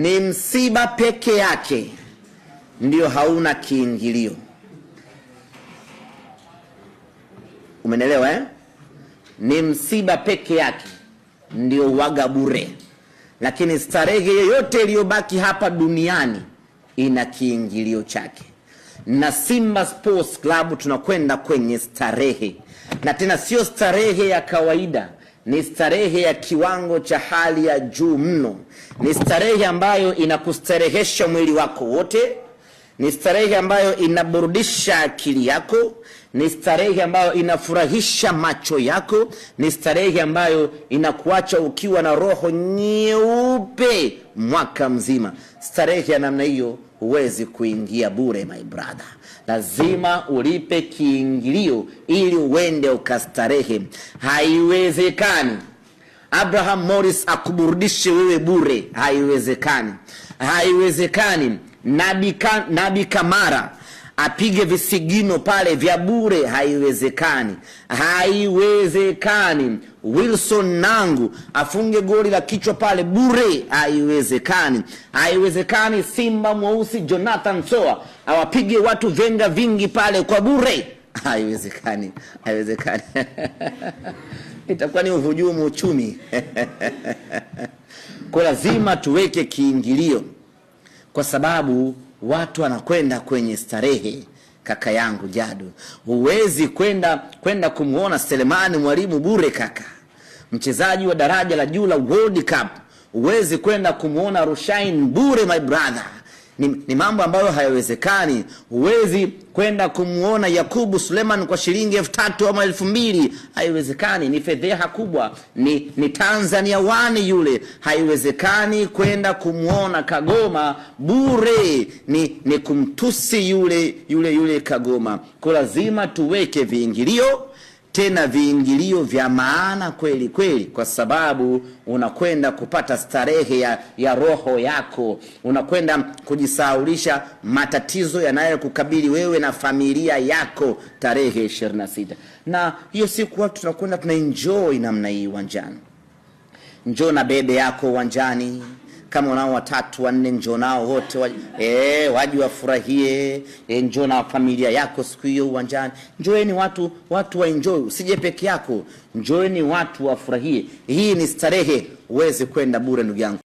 Ni msiba peke yake ndio hauna kiingilio. Umenelewa eh? Ni msiba peke yake ndio waga bure, lakini starehe yoyote iliyobaki hapa duniani ina kiingilio chake. Na Simba Sports Club tunakwenda kwenye starehe, na tena sio starehe ya kawaida ni starehe ya kiwango cha hali ya juu mno. Ni starehe ambayo inakustarehesha mwili wako wote, ni starehe ambayo inaburudisha akili yako, ni starehe ambayo inafurahisha macho yako, ni starehe ambayo inakuacha ukiwa na roho nyeupe mwaka mzima. Starehe ya namna hiyo huwezi kuingia bure my brother, lazima ulipe kiingilio ili uende ukastarehe. Haiwezekani Abraham Morris akuburudishe wewe bure, haiwezekani, haiwezekani. Nabi Kamara apige visigino pale vya bure, haiwezekani, haiwezekani. Wilson Nangu afunge goli la kichwa pale bure, haiwezekani, haiwezekani. Simba mweusi Jonathan Soa awapige watu venga vingi pale kwa bure, haiwezekani, haiwezekani. itakuwa ni uhujumu uchumi kwa lazima tuweke kiingilio, kwa sababu watu wanakwenda kwenye starehe. Kaka yangu Jadu, huwezi kwenda kwenda kumwona Selemani Mwalimu bure. Kaka mchezaji wa daraja la juu la World Cup, huwezi kwenda kumwona Rushain bure, my brother ni, ni mambo ambayo hayawezekani. Huwezi kwenda kumwona Yakubu Suleman kwa shilingi elfu tatu ama elfu mbili haiwezekani. Ni fedheha kubwa, ni, ni Tanzania wani yule. Haiwezekani kwenda kumwona Kagoma bure, ni, ni kumtusi yule yule yule Kagoma. ko lazima tuweke viingilio tena viingilio vya maana kweli kweli, kwa sababu unakwenda kupata starehe ya, ya roho yako, unakwenda kujisaulisha matatizo yanayokukabili wewe na familia yako tarehe 26. Na hiyo siku watu tunakwenda tuna enjoy namna hii uwanjani. Njoo na bebe yako uwanjani kama unao watatu wanne, njoo nao wote waje, eh, wafurahie. E, njoo na familia yako siku hiyo uwanjani. Njoeni watu, watu wa enjoy, usije peke yako. Njoeni watu wafurahie. Hii ni starehe, uweze kwenda bure, ndugu yangu.